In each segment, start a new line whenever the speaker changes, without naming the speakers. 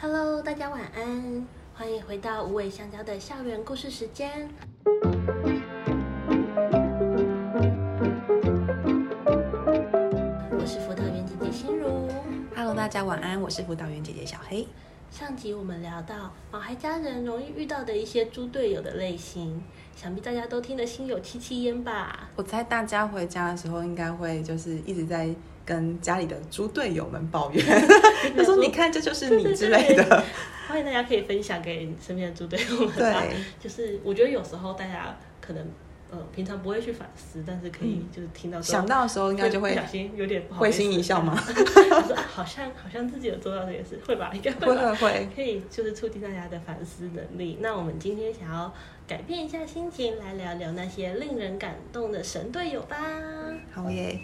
Hello，大家晚安，歡迎回到無尾香蕉的校園故事時間。 我是輔導員姐姐心如。Hello，大家晚安，我是輔導員姐姐小黑。上集我們聊到毛孩家人容易遇到的一些豬隊友的類型，想必大家都聽得心有戚戚焉吧。
我猜大家回家的時候，應該會就是一直在。跟家裡的豬隊友們抱怨，他 說：“你看，這就是你之類的。 對
對對”歡迎大家可以分享給身邊的豬隊友們。對，就是我覺得有時候大家可能呃平常不會去反思，但是可以就是聽到、嗯、想到的時候應該就會不小心有點不好會心一笑嘛。說 好像好像自己有做到這件事，會吧？應該會會 可以就是促進大家的反思能力。那我們今天想要改變一下心情，來聊聊那些令人感動的神隊友吧。那、oh yeah.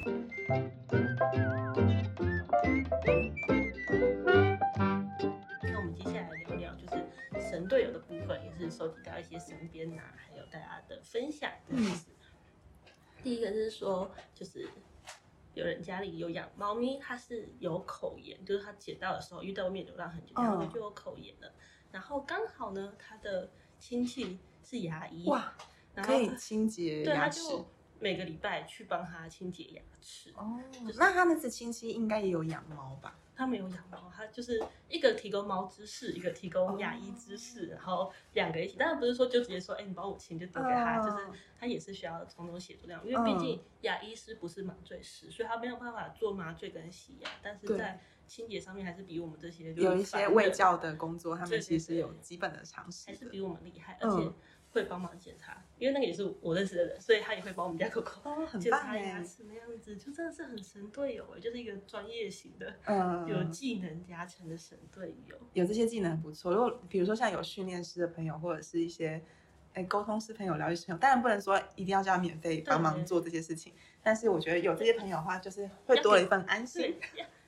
我們接下來聊聊，就是神隊友的部分，也是收集到一些身邊吶、啊，還有大家的分享的、就是嗯、第一個就是說，就是有人家裡有養貓咪，它是有口炎，就是它撿到的時候，遇到外面流浪很久，然後就有口炎了。Oh. 然後剛好呢，他的親戚是牙醫，哇，
然後可以清
潔牙齒。每個禮拜去幫他清潔牙齒哦、oh, 就是。那他那次清洗應該也有養貓吧？他沒有養貓，他就是一個提供貓知識，一個提供牙醫知識，oh. 然後兩個一起。當然不是說就直接說，哎、欸，你幫我清就丟給他，oh. 就是他也是需要從中協助那樣。因為畢竟牙醫師不是麻醉師，oh. 所以他沒有辦法做麻醉跟洗牙。但是在清潔上面還是比我們這些有一些衛教的工作，他們其實有基本的常識的，對對對，還是比我們厲害，oh. 而且。會幫忙檢查，因為那個也是我認識的人，所以他也會幫我們家狗狗、哦、很棒耶、檢查牙齒的樣子，就真的是很神隊友哎，就是一個專業型的，嗯，有技能加成的神隊友。有這些
技能不錯，如果比如說像有訓練師的朋友，或者是一些哎、欸、溝通師朋友、療癒師朋友，當然不能說一定要叫他免費幫忙做這些事情，但是我覺得有這些朋友的話，就是
會多了一份安心。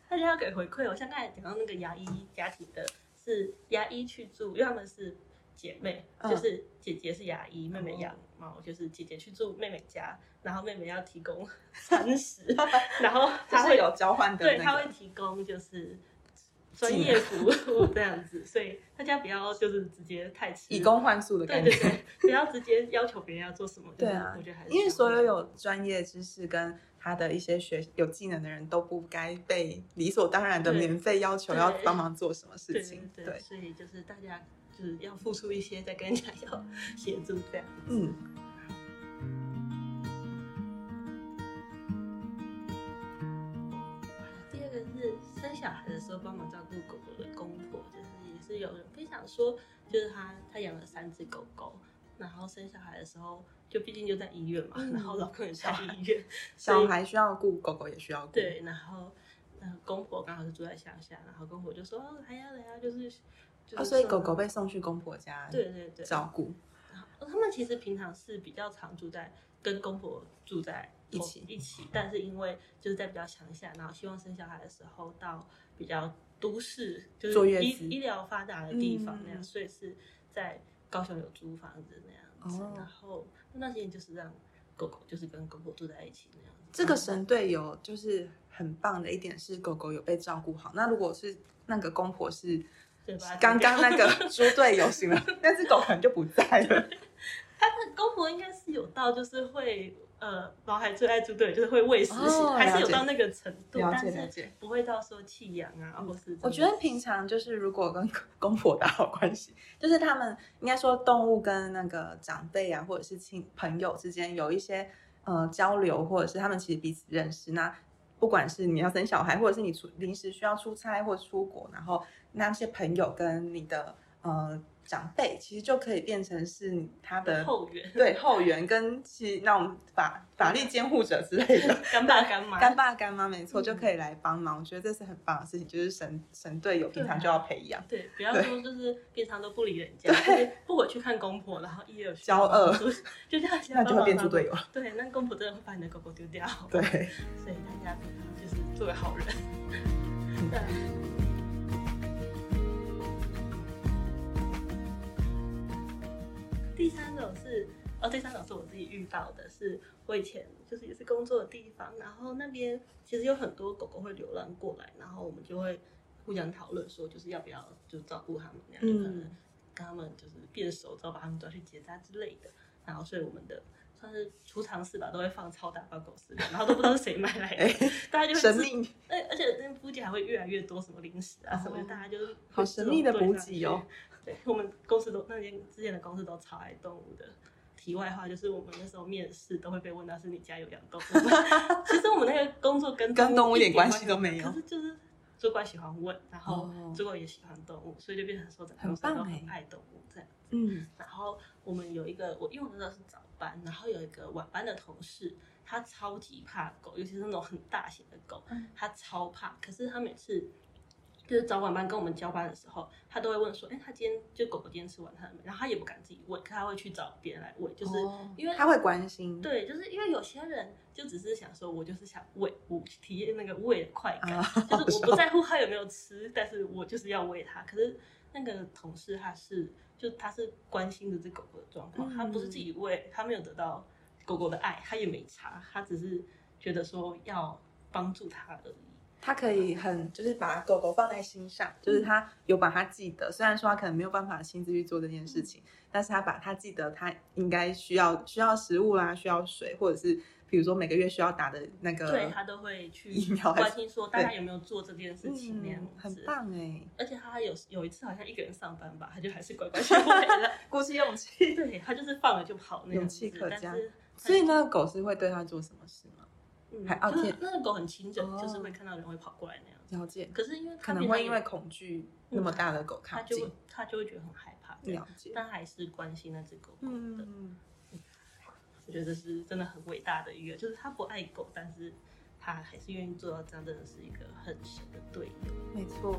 大家要給回饋我、哦、像剛才講到那個牙醫家庭的，是牙醫去住，因為他們是。姐妹就是姐姐是牙醫、嗯，妹妹養貓，嗯、就是姐姐去住妹妹家，然後妹妹要提供餐食，三十然
後她會、就是、有交換的、那個，對，
她會提供就是
專業服務
這樣子，所以大家不要就是直接太以工換宿的，感覺。就是、不要直接要求別人要做什麼，對啊，就是、我覺得還是因為所
有有專業知識跟他的一些學有技能的人都不該被理所當然的免費要求要幫忙做什麼事
情，對，對對對對，所以就是大家，就是要付出一些，再跟人家要協助這樣。嗯。第二個是生小孩的時候幫忙照顧狗狗的公婆，就是也是有人分享說，就是他他養了三隻狗狗，然後生小孩的時候，就畢竟就在醫院嘛，嗯，然後老公也上醫院小，小孩
需要顧，狗狗也需
要顧。對，然後公婆剛好是住在鄉下，下，然後公婆就說哦來、哎、呀來、哎、呀，就是。啊、就是哦，所以狗狗被
送去公婆家，對對對，照顧。
他們其實平常是比較常住在跟公婆住在一起一起，但是因為就是在比較鄉下，然後希望生小孩的時候到比較都市，就是醫坐月子、醫療發達的地方那樣、嗯，所以是在高雄有租房子那樣子。哦、然後那幾年就是讓狗狗就是跟公婆住在一起那樣子。這個神隊友就是
很棒的一點是狗狗有被照顧好。那如果是那個公婆是。
對剛剛那個
豬隊友行了， 那只狗可能就不在了。他的
公婆應該是有到，就是會呃，毛孩最愛豬隊就是會餵食、哦，還是有到那個程度，但是不會到說棄養啊、嗯，或是。我覺得
平常就是如果跟公婆打好關係，就是他們應該說動物跟那個長輩啊，或者是親朋友之間有一些呃交流，或者是他們其實彼此認識呢、啊。不管是你要生小孩，或者是你出臨時需要出差或出國，然後那些朋友跟你的呃。長輩其實就可以變成是他的後援，對，後援跟其那種法法律監護者之類的 乾爸乾媽，乾爸乾媽，沒錯嗯嗯，就可以來幫忙。我覺得這是很棒的事情，就是神神隊友平常就要培養。
對，不要說就是平常都不理人家，對，不回去看公婆，然後一而驕惡就這樣就， 那就會變豬隊友對。那公婆真的會把你的狗狗丟掉，哦。對，所以大家平常就是作為好人。 第三種是，哦，第三種是我自己遇到的是，是我以前就是也是工作的地方，然後那邊其實有很多狗狗會流浪過來，然後我們就會互相討論說，就是要不要就照顧他們，這、嗯、樣就可能跟他們就是變熟，知道把他們抓去結紮之類的，然後所以我們的。但是儲藏室吧都會放超大包狗食，然後都不知道是誰買來的、 哎，大家就會吃。哎，而且那估計還會越來越多什麼零食啊、哦、什麼的，大家就是好神秘的補給哦。對，我們公司都那間之前的公司都超愛動物的。題外話就是我們那時候面試都會被問到是你家有養動物嗎？ 其實我們那個工作跟動跟動物一點關係都沒有，可是就是。主管喜歡問，然後主管也喜歡動物，Oh. 所以就變成說，整個公司都很愛動物、欸、這樣子。嗯，然後我們有一個，因為我用的是早班，然後有一個晚班的同事，他超級怕狗，尤其是那種很大型的狗，他超怕。可是他每次。就是早晚班跟我們交班的時候，他都會問說，哎、欸，他今天就是、狗狗今天吃完他的沒，然後他也不敢自己餵，可他會去找別人來餵，就是因為、哦、他會關心。對，就是因為有些人就只是想說，我就是想餵，我體驗那個餵的快感、哦，就是我不在乎他有沒有吃，但是我就是要餵他。可是那個同事他是就他是關心的這狗狗的狀況、嗯，他不是自己餵，他沒有得到狗狗的愛，他也沒差，他只是覺得說要幫助他而已。
他可以很、嗯、就是把狗狗放在心上，
就是他有把它記
得、嗯，雖然說他可能沒有辦法親自去做這件事情、嗯，但是他把他記得他應該需要需要食物啦、啊，需要水，或者是比如說每個月需要打的那個，對，他都會去關心說大家
有沒有做這件事情，嗯、很棒哎。而且他有有一次好像一個人上班吧，他就還是乖乖乖乖的，鼓起勇氣。 對，他就是放了就跑那
樣，勇氣可嘉。所以那個狗是會對他做什麼事？
嗯、還就是那個狗很親人、哦，就是會看到人會跑過來那樣子。可是因為可能會因為恐懼、嗯、那麼大的狗靠近，它就，就會覺得很害怕。對，但還是關心那只狗，狗的。嗯。我覺得是真的很偉大的一個。就是他不愛狗，但是他還是願意做到這樣，真的是一個很神的隊友。沒錯。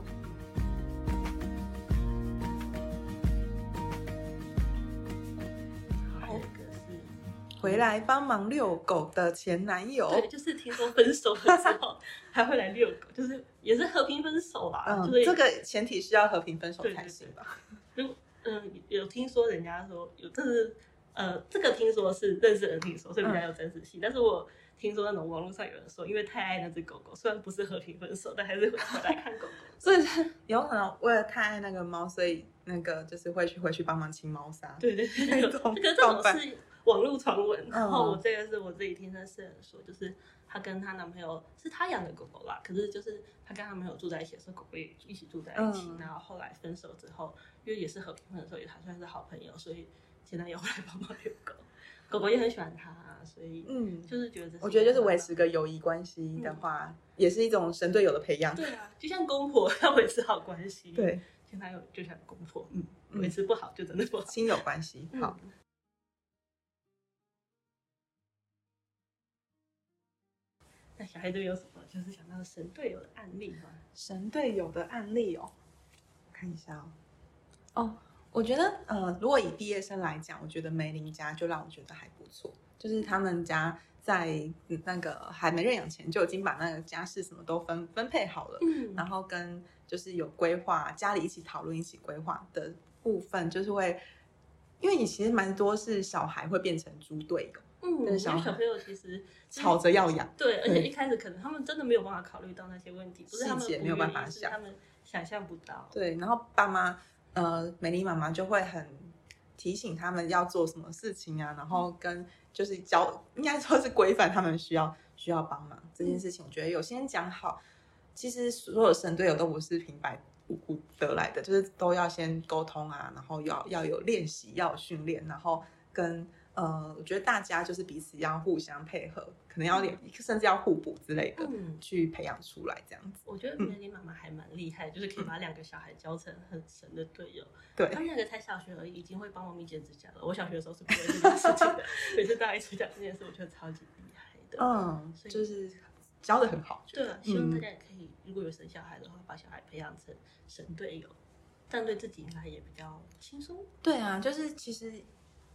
回來幫忙遛狗的前男友， 對，就是聽說分手的時候還會來遛狗， 就是也
是和平分手吧？嗯，就是、這個前提是要和平分手才行吧？如嗯、這個、 嗯，有聽說人家說有，就是呃，這個聽說是認識人聽說，所以比較有真實性、嗯。但是我聽說那種網絡上
有人說，因為太愛那隻狗狗，雖然不是和平分手，但還是會回來看狗狗。 所以有可能為了太愛那個貓，所以那個就是會去回去幫忙清貓砂。 對對對，有
這個、這種事。 網絡傳聞，然後我這個是我自己聽那私人說、嗯，就是她跟她男朋友是她養的狗狗啦。可是就是她跟她男朋友住在一起的時候，狗狗也一起住在一起、嗯，然後後來分手之後，因為也是和平分手，也還算是好朋友，所以前男友會來幫忙遛狗、嗯，狗狗也很喜歡他，所以嗯，就是覺得我覺得就是維
持個友誼關係的話、嗯，也是一種神隊友的培養，對
啊，就像公婆要維持好關係，對前男友就像公婆，
嗯，維持不
好就真的不好，親友關係好。嗯嗯那小
孩都有什麼？就是想到
神隊友的案例
嘛，神隊友的案例哦，看一下哦。哦、oh,，我覺得呃，如果以畢業生來講，我覺得梅林家就讓我覺得還不錯，就是他們家在那個還沒認養前就已經把那個家事什麼都分分配好了，嗯、mm.，然後跟就是有規劃，家裡一起討論一起規劃的部分，就是會，因為你其實蠻多是小孩會變成豬隊友。
嗯，就是、小孩，因為小朋友其實吵着要養，對，而且一開始可能他們真的沒有辦法考慮到那些問題，不是他們沒有辦法想，是他們想象不到。
對，然後爸媽，呃，美麗媽媽就會很提醒他們要做什麼事情啊，然後跟就是教，應該說是規範他們需要需要幫忙這件事情。我、嗯、覺得有先講好，其實所有神隊友都不是平白無故得來的，就是都要先溝通啊，然後要要有練習，要訓練，然後跟。呃，我覺得大家就是彼此要互相配合，可能要連，嗯、甚至要互補之類的，嗯、去培養出來這樣
子。我覺得你媽媽還蠻厲害、嗯，就是可以把兩個小孩教成很神的隊友、嗯啊。對，他們兩個才小學而已，已經會幫貓咪剪指甲了。我小學的時候是不會這件事情的，所 以大家一直講這件事，我覺得超級厲害的。嗯，所以就是
教得很好。對、啊嗯，希望大家也
可以如果有生小孩的話，把小孩培養成神隊友、嗯，但對自己應該也比較輕鬆。
對啊，就是其實。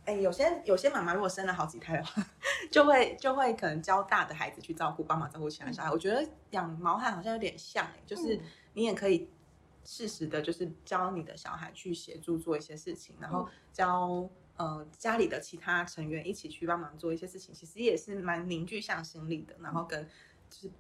哎，有些有些媽媽如果生了好幾胎的話， 就會就會可能教大的孩子去照顧，幫忙照顧其他小孩。嗯、我覺得養毛孩好像有點像、欸，就是你也可以適時的，就是教你的小孩去協助做一些事情，然後教、嗯呃、家裡的其他成員一起去幫忙做一些事情，其實也是蠻凝聚向心力的。然後跟、嗯、就是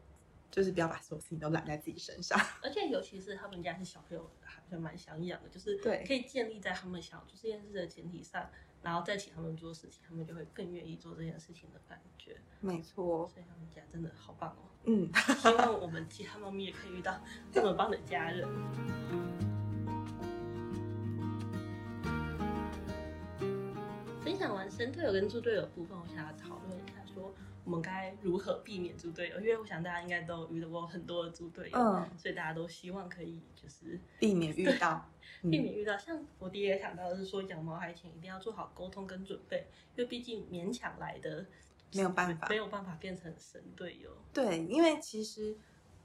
就是不要把所有事情都攬在自己身上。
而且尤其是他們家是小朋友還蠻想養的，就是對，可以建立在他們想做這件事的前提上。然後再請他們做事情，他們就會更願意做這件事情的感覺。沒錯，所以他們家真的好棒哦。嗯， 希望我們其他貓咪也可以遇到這麼棒的家人。 分享完神隊友跟豬隊友的部分，我想要討論。我們該如何避免豬隊友？因為我想大家應該都遇到過很多的豬隊友，嗯，所以大家都希望可以就是避免遇到，嗯，避免遇到。像我爹也想到的是說，養貓之前一定要做好溝通跟準備，因為畢竟勉強來的沒有辦法沒有，沒有辦法變成神隊友。
對，因為其實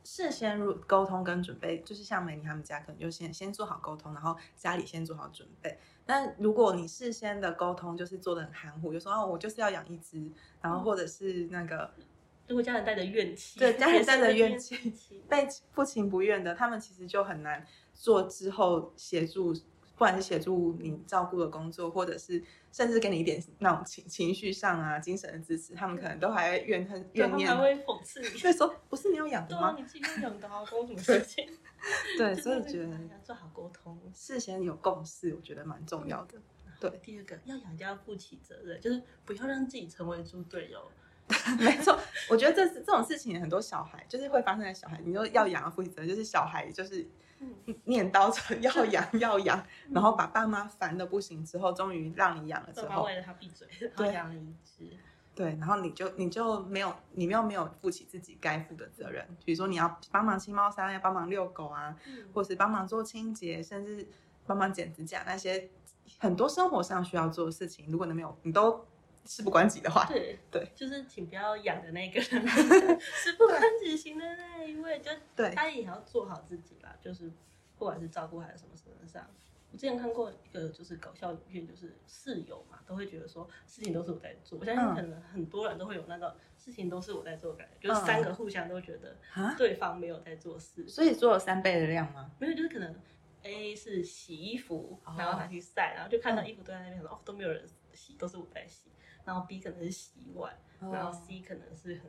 事先入溝通跟準備，就是像美玲他們家，可能就先先做好溝通，然後家裡先做好準備。那如果你事先的溝通就是做得很含糊，就是、說啊、哦、我就是要養一隻，然後或者是那個、嗯，如果
家人帶着怨氣，對，家人帶着怨氣，怨
氣被不情不願的，他們其實就很難做之後協助。不管是協助你照顧的工作，或者是甚至給你一點那種情情緒上啊、精神的支持，他們可能都還怨恨、怨念、啊，還會
諷刺你。所 以
說，不是你有養的嗎？對你自
己有養的，關我什
麼事情？對，所以覺得要
做好溝通，
事先有共識，我覺得蠻重要的。對，第二個要養家，要負起責任，就是不要讓自己成為豬隊友。 沒錯，我覺得這、這種事情，很多小孩就是會發生在小孩。你說要養要負起責任，就是小孩就是。念叨着要養要養，然後把爸媽煩的不行，之後終於讓你養了之後，
爸爸為了他閉嘴，他養
了一隻。對，然後你就你就沒有你又沒有，沒有負起自己該負的責任、嗯，比如說你要幫忙清貓砂，要幫忙遛狗啊、嗯，或是幫忙做清潔，甚至幫忙剪指甲那些很多生活上需要做的事情，如果你沒有你都。事不關己的話，
對對，就是請不要養的那個人，事 不關己型的那一位， 就對他也要做好自己吧。就是不管是照顧還是什麼什麼上，我之前看過一個就是搞笑影片，就是室友嘛，都會覺得說事情都是我在做。我相信可能很多人都會有那個事情都是我在做的感覺，就是三個互相都覺得對方沒有在做事，嗯啊，所以
做了三倍的量嗎？
沒有，就是可能 A 是洗衣服，然後拿去曬，哦，然後就看到衣服堆在那邊，說、嗯、哦都沒有人洗，都是我在洗。然後 B 可能是洗碗，哦、然後 C 可能是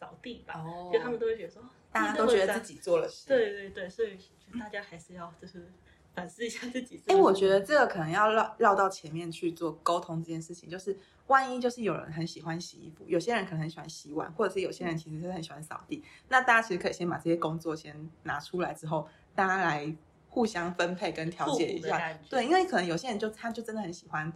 掃地吧，哦，就他們都會覺得說，哦嗯，大家都覺得自己做了事。對對對，所以大家還是要就
是反思一下自己。哎，嗯欸，我覺得這個可能要繞繞到前面去做溝通這件事情，就是萬一就是有人很喜歡洗衣服，有些人可能很喜歡洗碗，或者是有些人其實是很喜歡掃地，嗯，那大家其實可以先把這些工作先拿出來之後，大家來互相分配跟調解一下，對，因為可能有些人就他就真的很喜歡。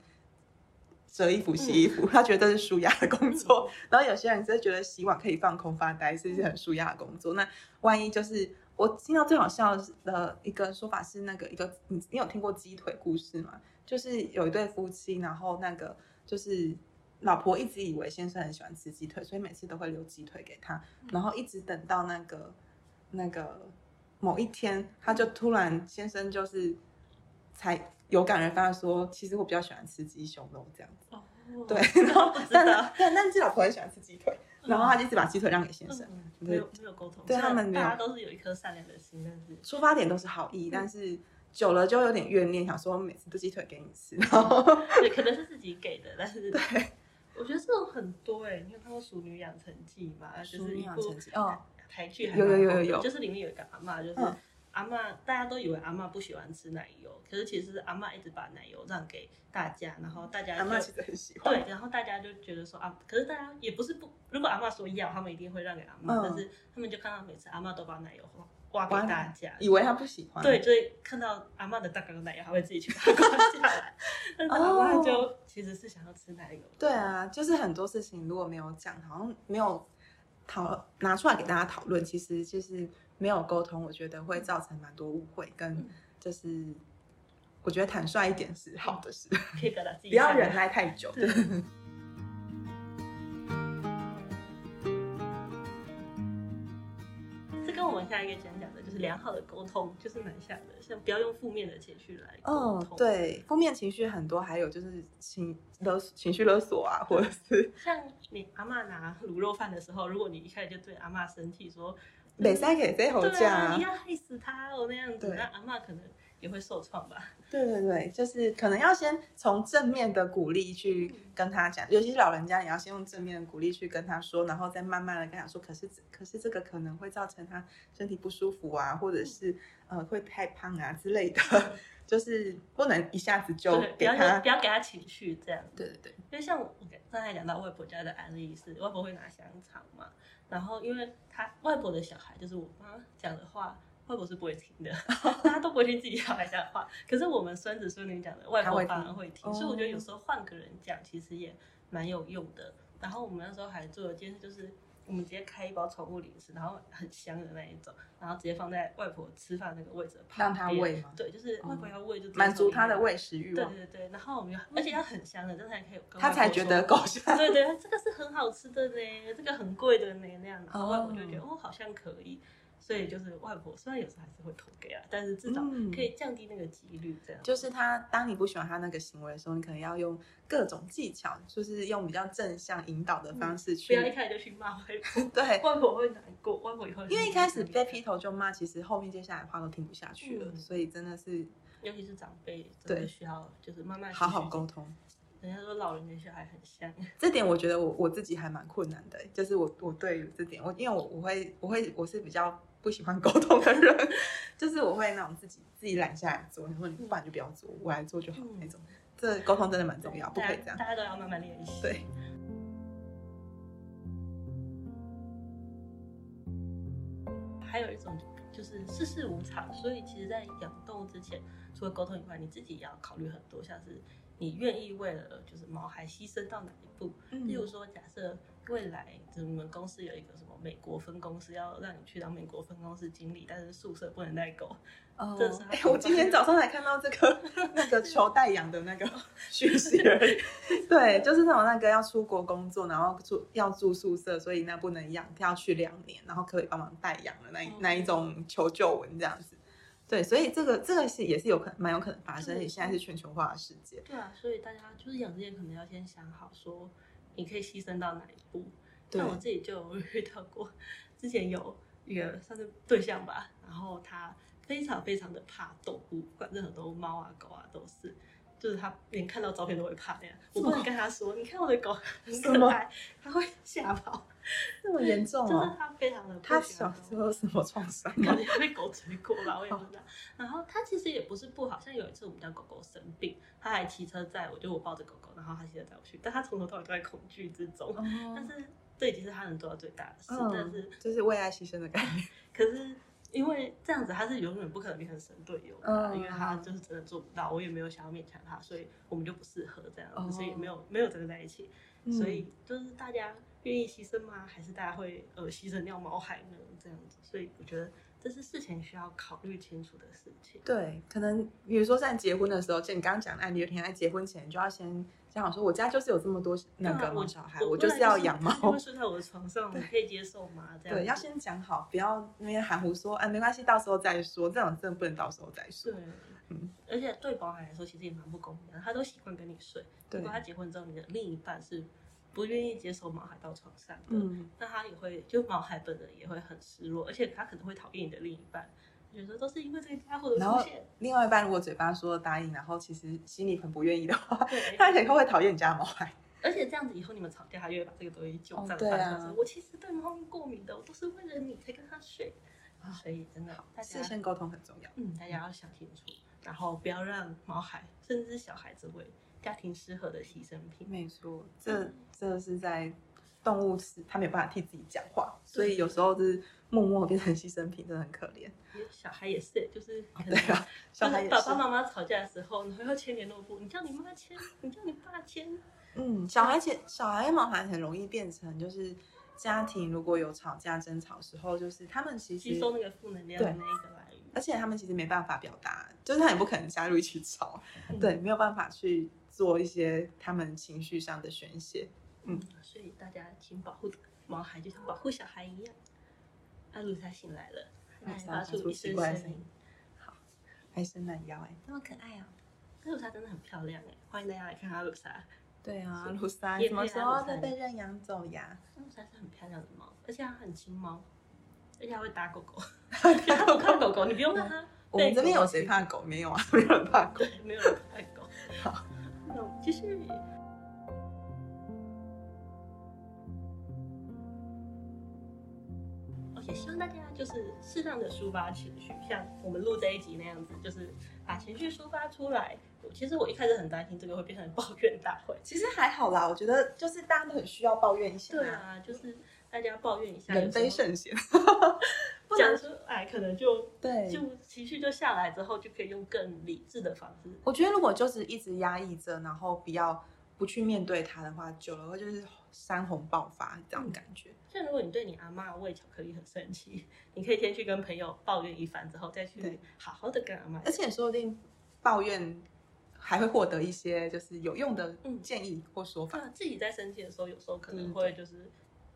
折衣服、洗衣服、嗯，他覺得這是舒壓的工作、嗯。然後有些人就覺得洗碗可以放空發呆，是一件很舒壓的工作。那萬一就是我聽到最好笑的一個說法是，那個一個你你有聽過雞腿故事嗎？就是有一對夫妻，然後那個就是老婆一直以為先生很喜歡吃雞腿，所以每次都會留雞腿給他，然後一直等到那個那個某一天，他就突然先生就是。才有感而發，他說：“其實我比較喜歡吃雞胸肉這樣子，哦，對。然後不真但那自己老婆很喜歡吃雞腿，然後他一直把雞腿讓給先生，嗯嗯、沒有沒有溝通，對他們大家都是
有一顆善良的心，但是出發點
都是好意、嗯，但是久了就有點怨念，想說每次都雞腿給你吃、哦，對，可能是自己給的，但
是對，我覺得這種很多哎，你看他們熟女養成記》嘛，就是熟女養成記》哦，台劇，有有有有有，就是裡面有一個阿媽，就是。嗯”阿媽，大家都以為阿媽不喜歡吃奶油，可是其實是阿媽一直把奶油讓給大家，然後大家阿媽其實很喜歡，對，然後大家就覺得說啊，可是大家也不是不，如果阿媽說要，他們一定會讓給阿媽，嗯，但是他們就看到每次阿媽都把奶油刮刮給大家，以為他不喜歡，對，所以看到阿媽的蛋糕奶油，他會自己去刮下來，然 後阿媽就其實是想要吃奶油，哦，
對啊，就是很多事情如果沒有講，好像沒有討拿出來給大家討論，其實就是。沒有溝通，我覺得會造成蠻多誤會，跟就是我覺得坦率一點是好的事，嗯， 可以表達自
己，不要忍耐太久。這 跟我們下一
個講講的就是良好的溝通，就
是蠻像的，像不要用負面的情緒
來溝通。嗯、對，負面情緒很多，還有就是情情緒勒索啊，或者是
像你阿媽拿滷肉飯的時候，如果你一開始就對阿媽生氣說。每、嗯、餐給飛猴叫？你，啊、要害死他哦，那樣子，那、啊、阿嬤可能也會受創吧。
對對對，就是可能要先從正面的鼓勵去跟他講、嗯，尤其是老人家，也要先用正面的鼓勵去跟他說，然後再慢慢的跟他說。可是，可是這個可能會造成他身體不舒服啊，嗯、或者是呃會太胖啊之類的、嗯，就是不能一下子就 okay, 給不要給，不
要給他情緒這樣。對對對，因為像我剛才講到外婆家的案例是，外婆會拿香腸嘛。然後，因為他外婆的小孩就是我媽講的話，外婆是不會聽的，大 家都不會聽自己小孩講的話。可是我們孫子孫女講的，外婆反而會，會聽。所以我覺得有時候換個人講，其實也蠻有用的，哦。然後我們那時候還做了件事，就是。我們直接開一包寵物零食，然後很香的那一種，然後直接放在外婆吃飯那個位置旁邊，讓她餵。對，就是外婆要餵，就滿足她的餵食慾。對對對，然後我們又，而且要很香的，這才可以。她才覺得夠香。對，對對，這個是很好吃的呢，這個很貴的呢，那樣，然後外婆就覺得哦，哦，好像可以。所以就是外婆，雖然有時候還是會投給啊，但是至少可以降低那個幾率，
這樣、嗯。就是他，當你不喜歡他那個行為的時候，你可能要用各種技巧，就是用比較正向引導的方式去。嗯、不要一開始
就去罵外婆。
對，外婆會難過，
外婆也會。因為一開始
被劈頭就罵，其實後面接下來話都聽不下去了、嗯，所以真的是，尤其是長輩，真的
需要就是慢慢對，好好溝通。人家說老人跟小孩很像，
這點我覺得我我自己還蠻困難的，就是我我對於這點，我因為我我會我會我是比較。不喜歡溝通的人， 就是我會那種自己自己攬下來做，你說你不管就不要做，嗯，我來做就好那種。這溝通真的蠻重要，不可以這樣大，
大家都要慢慢
練
習。對。還有一種就是世事無常，所以其實在養動物之前，除了溝通以外，你自己也要考慮很多，像是你願意為了就是毛孩犧牲到哪一步？嗯，例如說假設。未來你們公司有一個什麼美國分公司，要讓你去當美國分公司經理，但是宿舍不能帶狗。哦、oh,，哎、欸，我今天早
上才看到這個， 那個求代養的那個消息而已。 對，就是那種那個要出國工作，然後住要住宿舍，所以那不能養，他要去兩年，然後可以幫忙代養的那一、okay. 那一種求救文這樣子。對，所以這個這個是也是有可能蠻有可能發生，而且現在是全球化的世界。對
啊，所以大家就是養之前，可能要先想好說。你可以犧牲到哪一步？那我自己就遇到過，之前有一個算是對象吧，然後他非常非常的怕動物，不管是很多貓啊狗啊都是。就是他連看到照片都會怕那樣、嗯，我不能跟他說，你看我的狗很可愛，他會嚇跑，那麼嚴重、啊，就是他非常的怕。他小時候什麼創傷、啊？可能他被狗追過吧，我也不知道。然後他其實也不是不好，像有一次我們家狗狗生病，他還騎車載我，就我抱着狗狗，然後他騎車帶我去，但他從頭到尾都在恐懼之中、嗯。但是這已經是他能做到最大的事，嗯、但是這是為愛犧牲的概念。可是。因為這樣子，他是永遠不可能變成神隊友的、啊嗯，因為他就是真的做不到，我也沒有想要勉強他，所以我們就不適合這樣，所、嗯、以也沒有沒有真的在一起，所以就是大家願意犧牲嗎？還是大家會呃犧牲掉毛孩呢？這樣子。所以我覺得這是事前需要考慮清楚的事情。
對，可能比如說在結婚的時候，像你剛剛講的案例，有天在結婚前就要先。我說我家就是有這麼多那、嗯、個小孩，我就是要養貓，會
睡、就是、在我的床上， 可以接受嗎？這樣對，要先講好，
不要那邊含糊說、啊，沒關係，到時候再說，這種真的不能到時候再
說。對，嗯、而且對毛孩來說，其實也蠻不公平的，他都習慣跟你睡。對。如果他結婚之後，你的另一半是不願意接受毛孩到床上的，那、嗯、他也會，就毛孩本人也會很失落，而且他可能會討厭你的另一半。有時都是因為這個家伙的出
現。另外一半如果嘴巴說答應，然後其實心裡很不願意的話， 他可能會討厭你家毛孩。
而且這樣子以後你們吵架，他越會把這個東西就在、哦啊、我其實對貓過敏的，我都是為了你才跟他睡。哦、所以真的好大家，事先溝通很重要。嗯，大家要想清楚，嗯、然後不要讓毛孩甚至小孩子為家庭失和的犧牲品。沒錯，這、嗯、這是
在。動物是它沒有辦法替自己講話，所以有時候就是默默變成犧牲品，真的很可憐。
小孩也是，就是、哦、對啊，小
孩爸爸媽媽
吵架的時候，然後要簽聯
絡簿，你叫你媽簽，你叫你爸簽。嗯，小孩前，小孩嘛，還很容易變成就是家庭如果有吵架爭吵的時候，就是他們其實吸收那個
負能量的那一個
來源。而且他們其實沒辦法表達，就是他也不可能加入一起吵、 嗯，對，沒有辦法去做一些他們情緒上的宣洩。
嗯、所以大家請保護毛孩，就像保護小孩一樣。阿、啊、魯莎醒來了，它、啊、發出一聲聲音，音，好，還伸懶腰，哎，那麼可愛啊！阿、啊、魯莎真的很漂亮、欸，哎，歡迎大家來看阿、啊、魯莎。對啊，阿魯莎什麼時候才被認養走呀？阿、啊、魯莎是很漂亮的貓，而且它很親貓，而且會打狗狗，
它 不看狗狗，你不用看它。 我們這邊有誰怕狗？ 沒有啊，沒有人怕狗，沒有人怕狗。 好，那我
們繼續。希望大家就是適當的抒發情緒，像我們錄這一集那樣子，就是把情緒抒發出來。其實我一開始很擔心這個會變成抱怨大會，其實還好啦。我覺得就是大家都很需要抱怨一下。對啊，就是大家抱怨一下一。人非聖賢，講出來可能就對，就情緒就下來之後就可以用更理智的方式。我
覺得如果就是一直壓抑着，然後比較不去面對它的話，久了會就是山洪爆發這樣感覺。
像如果你對你阿媽餵巧克力很生氣，你可以先去跟朋友抱怨一番，之後再去好好的跟阿媽、嗯。而且也說不定抱怨還會獲得一些就是有用的建議或說法。嗯嗯啊、自己在生氣的時候，有時候可能會就是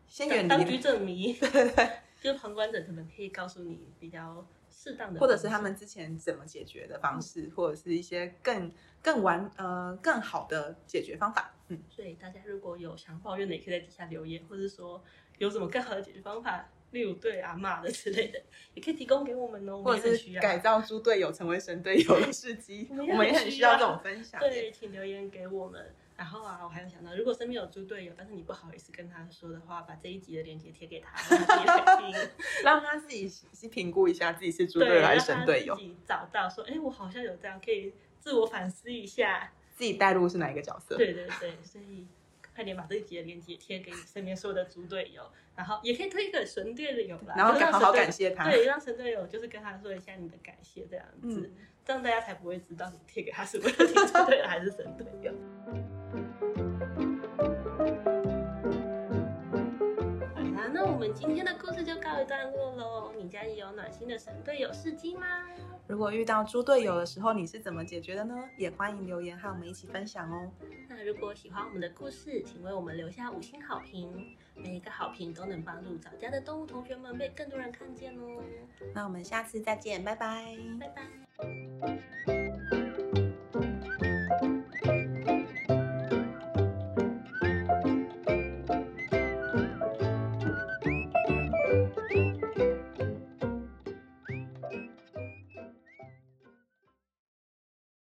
先遠離離當局者
迷
對對，就旁觀者可能可以告訴
你比較
適當的，或者是他們
之前怎麼解決的方式，嗯、或者是一些更更完呃更好的解決方法，嗯。
所以大家如果有想抱怨的，也可以在底下留言，或者是說有什麼更好的解決方法，例如對阿嬤的之類的，也可以提供給我們哦。們或者是需要改
造豬隊友成為神隊友的事蹟，我們也很需要，很需要這種分享。對，
請留言給我們。然後啊，我還有想到，如果身邊有豬隊友，但是你不好意思跟他說的話，把這一集的鏈接貼給他，讓，自 讓他自己去評估一下自己是豬隊友還是神隊友。自己找到說，哎、欸，我好像有這樣，可以自我反思一下。自己
帶入是哪一個角色？對對
對，所以快點把這一集的鏈接貼給你身邊所有的豬隊友，然後也可以推一個神隊友吧，然後感好，好感謝他。對，讓神隊友就是跟他說一下你的感謝，這樣子，嗯、這樣大家才不會知道你貼給他是為了豬隊友還是神隊友。 我們今天的故事就告一段落嘍。你家也有暖心的神隊友事蹟嗎？
如果遇到豬隊友的時候，你是怎麼解決的呢？也
歡迎留言和我們一起分享哦。那如果喜歡我們的故事，請為我們留下五星好評。每一個好評都能幫助早家的動物同學們被更多人看見哦。那我們下次再見，拜拜，拜拜。